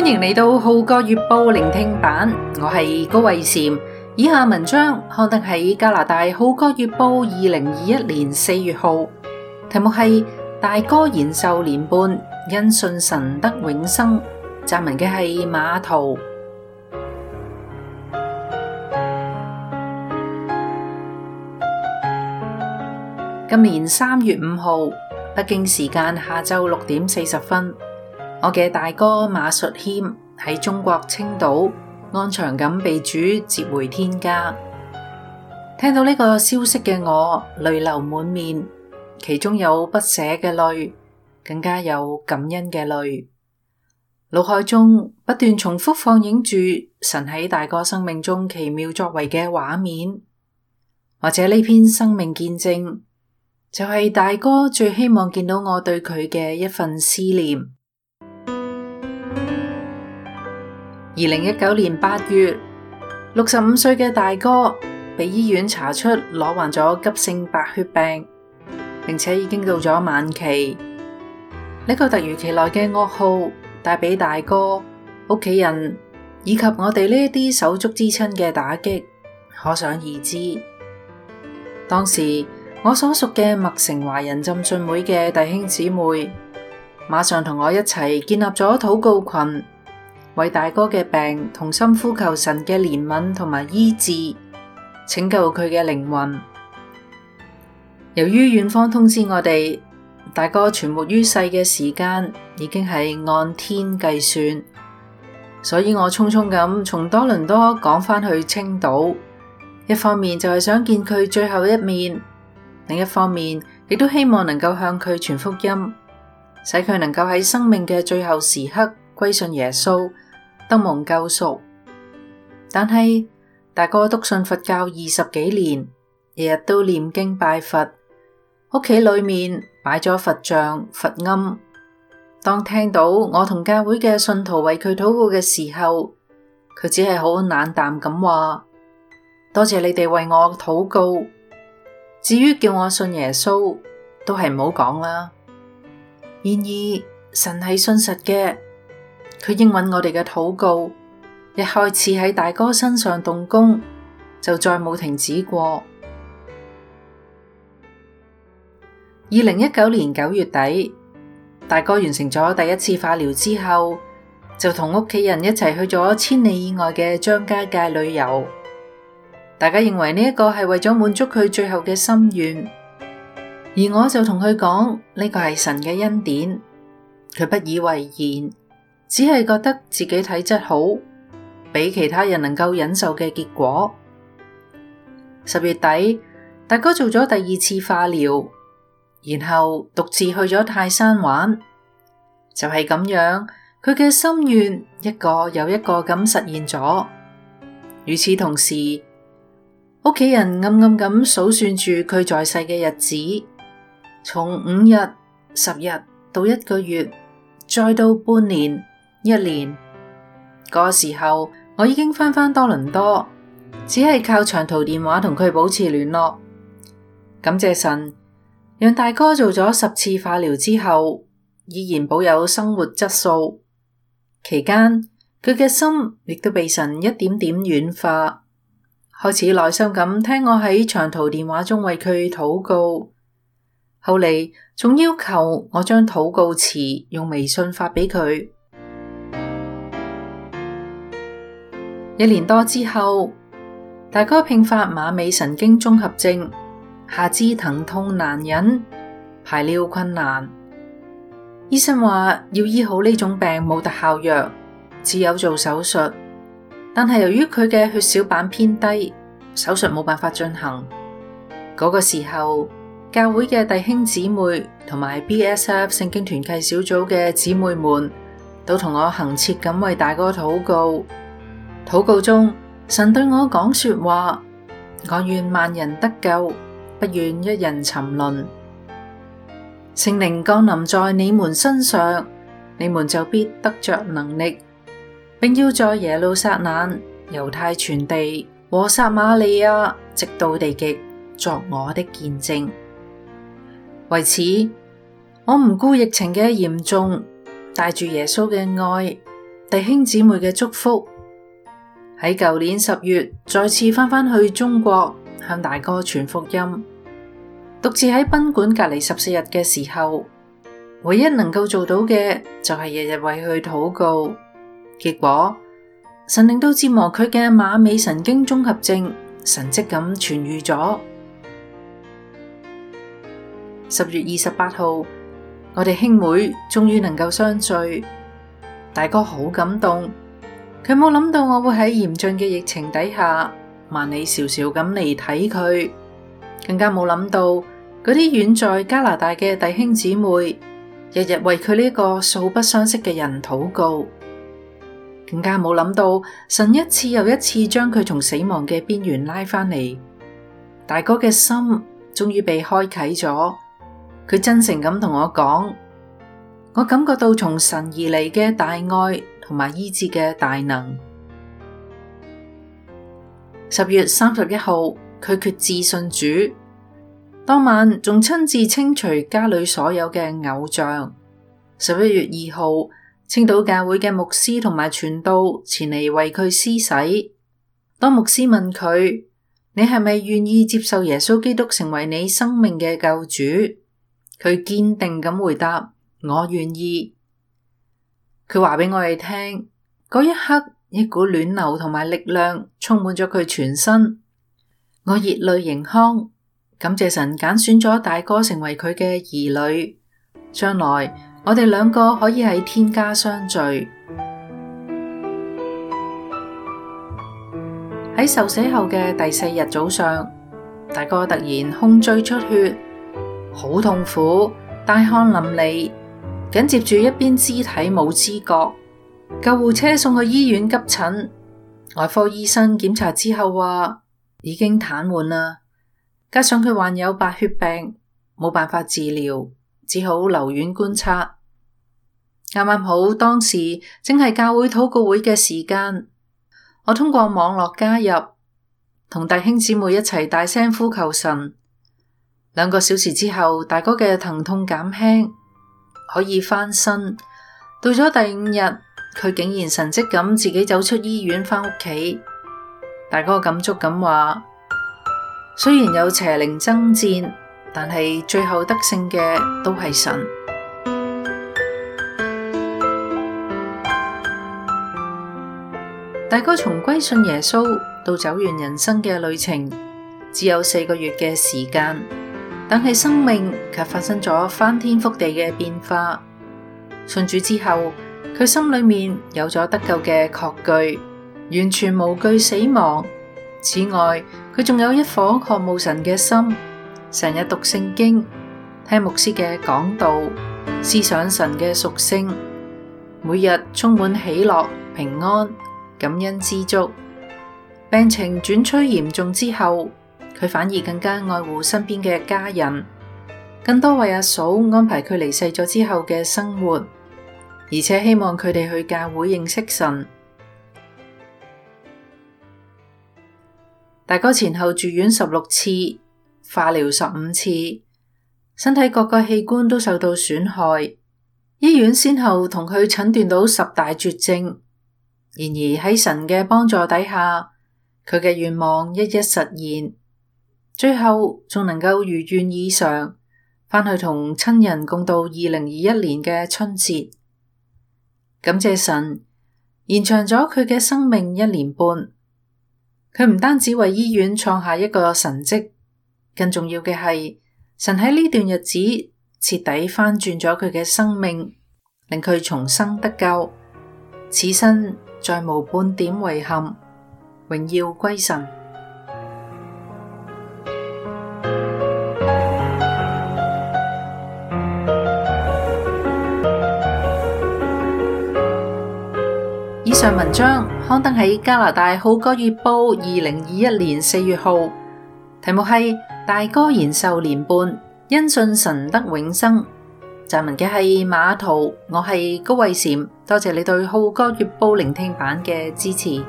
歡迎嚟到《號角月報》聆聽版，我係高慧嬋。以下文章刊登喺加拿大《號角月報》二零二一年四月號，題目係《大哥延壽年半，因信神得永生》。撰文嘅係馬濤。今年三月五號，北京時間下晝六點四十分，我嘅大哥馬述謙喺中國青島安詳咁被主接回天家，聽到呢個消息嘅我淚流滿面，其中有不捨嘅淚，更加有感恩嘅淚。腦海中不斷重複放映住神喺大哥生命中奇妙作為嘅畫面，或者呢篇生命見證就係大哥最希望見到我對佢嘅一份思念。二零一九年八月，六十五歲嘅大哥被醫院查出攞患咗急性白血病，並且已經到咗晚期。呢、這個突如其來嘅噩耗帶俾大，大哥、屋企人以及我哋呢啲手足之親嘅打擊，可想而知。當時我所屬嘅麥城華人浸信會嘅弟兄姊妹，馬上同我一齊建立咗禱告群。為大哥嘅病，同心呼求神嘅憐憫同埋醫治，拯救佢嘅靈魂。由於院方通知我哋大哥存活於世嘅時間已經係按天計算，所以我匆匆咁從多倫多趕返去青島。一方面就係想見佢最後一面，另一方面亦都希望能夠向佢傳福音，使佢能夠喺生命嘅最後時刻歸信耶穌。得蒙救贖，但係大哥篤信佛教二十幾年，日日都念經拜佛，屋企裏面擺咗佛像、佛龕。當聽到我同教會嘅信徒為佢禱告嘅時候，佢只係好冷淡咁話：多謝你哋為我禱告，至於叫我信耶穌，都係唔好講啦。然而，神係信實嘅。佢應允我哋嘅禱告，一開始喺大哥身上動工，就再冇停止過。二零一九年九月底，大哥完成咗第一次化療之後，就同屋企人一齊去咗千里以外嘅張家界旅遊。大家認為呢一個係為咗滿足佢最後嘅心願，而我就同佢講，呢個係神嘅恩典，佢不以為然。只係覺得自己體質好，比其他人能夠忍受嘅結果。十月底，大哥做咗第二次化療，然後獨自去咗泰山玩。就係咁樣，佢嘅心願一個又一個咁實現咗。與此同時，屋企人暗暗咁數算住佢在世嘅日子，從五日、十日到一個月，再到半年。一年嗰、那個時候，我已經返返多倫多，只係靠長途電話同佢保持聯絡。感謝神，讓大哥做咗十次化療之後，依然保有生活質素。期間佢嘅心亦都被神一點點軟化，開始耐心咁聽我喺長途電話中為佢禱告。後嚟仲要求我將禱告詞用微信發俾佢。一年多之後，大哥併發馬尾神經綜合症，下肢疼痛難忍，排尿困難。醫生話要醫好呢種病冇特效藥，只有做手術。但係由於佢嘅血小板偏低，手術冇辦法進行。嗰、那個時候，教會嘅弟兄姊妹同埋 BSF 聖經團契小組嘅姊妹們都同我懇切咁為大哥禱告。禱告中，神對我講說話：我願萬人得救，不願一人沉淪。聖靈降臨在你們身上，你們就必得着能力，並要在耶路撒冷、猶太全地和撒瑪利亞，直到地極作我的見證。為此，我唔顧疫情嘅嚴重，帶住耶穌嘅愛，弟兄姊妹嘅祝福。喺舊年十月，再次返返去中國向大哥傳福音，獨自喺賓館隔離十四日嘅時候，唯一能夠做到嘅就係日日為佢禱告。結果神令到折磨佢嘅馬尾神經綜合症神跡咁痊愈咗。十月二十八號，我哋兄妹終於能夠相聚，大哥好感動。佢冇諗到我會喺嚴峻嘅疫情底下萬里迢迢咁嚟睇佢，更加冇諗到嗰啲遠在加拿大嘅弟兄姊妹日日為佢呢個素不相識嘅人禱告，更加冇諗到神一次又一次將佢從死亡嘅邊緣拉翻嚟。大哥嘅心終於被開啟咗，佢真誠咁同我講，我感覺到從神而嚟嘅大愛同埋醫治嘅大能。十月三十一號，佢決志信主，當晚仲親自清除家裏所有嘅偶像。十一月二號，青島教會嘅牧師同埋傳道前嚟為佢施洗。當牧師問佢：你係咪願意接受耶穌基督成為你生命嘅救主？佢堅定咁回答。我願意，佢話畀我哋聽，嗰一刻一股暖流同埋力量充滿咗佢全身，我熱淚盈眶，感謝神揀選咗大哥成為佢嘅兒女，將來我哋兩個可以喺天家相聚。喺 受死後嘅第四日早上，大哥突然胸椎出血，好痛苦，大汗淋漓。緊接住一邊肢體冇知覺，救護車送去醫院急診。外科醫生檢查之後話已經癱瘓啦，加上佢患有白血病，冇辦法治療，只好留院觀察。啱啱好當時正係教會禱告會嘅時間，我通過網絡加入，同弟兄姊妹一齊大聲呼求神。兩個小時之後，大哥嘅疼痛減輕。可以翻身。到咗第五日，佢竟然神跡咁自己走出醫院翻屋企。大哥感觸咁話：雖然有邪靈爭戰，但係最後得勝嘅都係神。大哥從歸信耶穌到走完人生嘅旅程，只有四個月嘅時間。但係生命卻發生咗翻天覆地嘅變化。信主之後，佢心裏面有咗得救嘅確據，完全無懼死亡。此外，佢仲有一顆渴慕神嘅心，成日讀聖經、聽牧師嘅講道、思想神嘅屬性，每日充滿喜樂、平安、感恩、知足。病情轉趨嚴重之後，佢反而更加愛護身邊嘅家人，更多為阿嫂安排佢離世咗之後嘅生活，而且希望佢哋去教會認識神。大哥前後住院十六次，化療十五次，身體各個器官都受到損害。醫院先後同佢診斷到十大絕症，然而喺神嘅幫助底下，佢嘅願望一一實現。最後仲能夠如願以償，返去同親人共度二零二一年嘅春節。感謝神延長咗佢嘅生命一年半。佢唔單止為醫院創下一個神蹟，更重要嘅係神喺呢段日子徹底翻轉咗佢嘅生命，令佢重生得救，此生再無半點遺憾，榮耀歸神。上文章刊登喺加拿大《號角月報》二零二一年四月號，題目係《大哥延壽年半，因信神得永生》。撰文嘅係馬濤，我係高慧嬋。多謝你對《號角月報》聆聽版嘅支持。